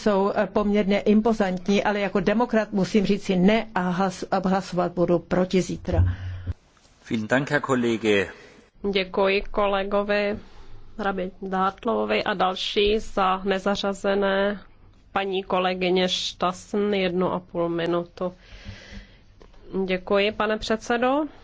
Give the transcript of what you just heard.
jsou eh, poměrně impozantní, ale jako demokrat musím říci ne a hlasovat budu proti zítra. Děkuji kolegovi Rabi Dátlovovi a další za nezařazené paní kolegyně Štasn jednu a půl minutu. Děkuji, pane předsedo.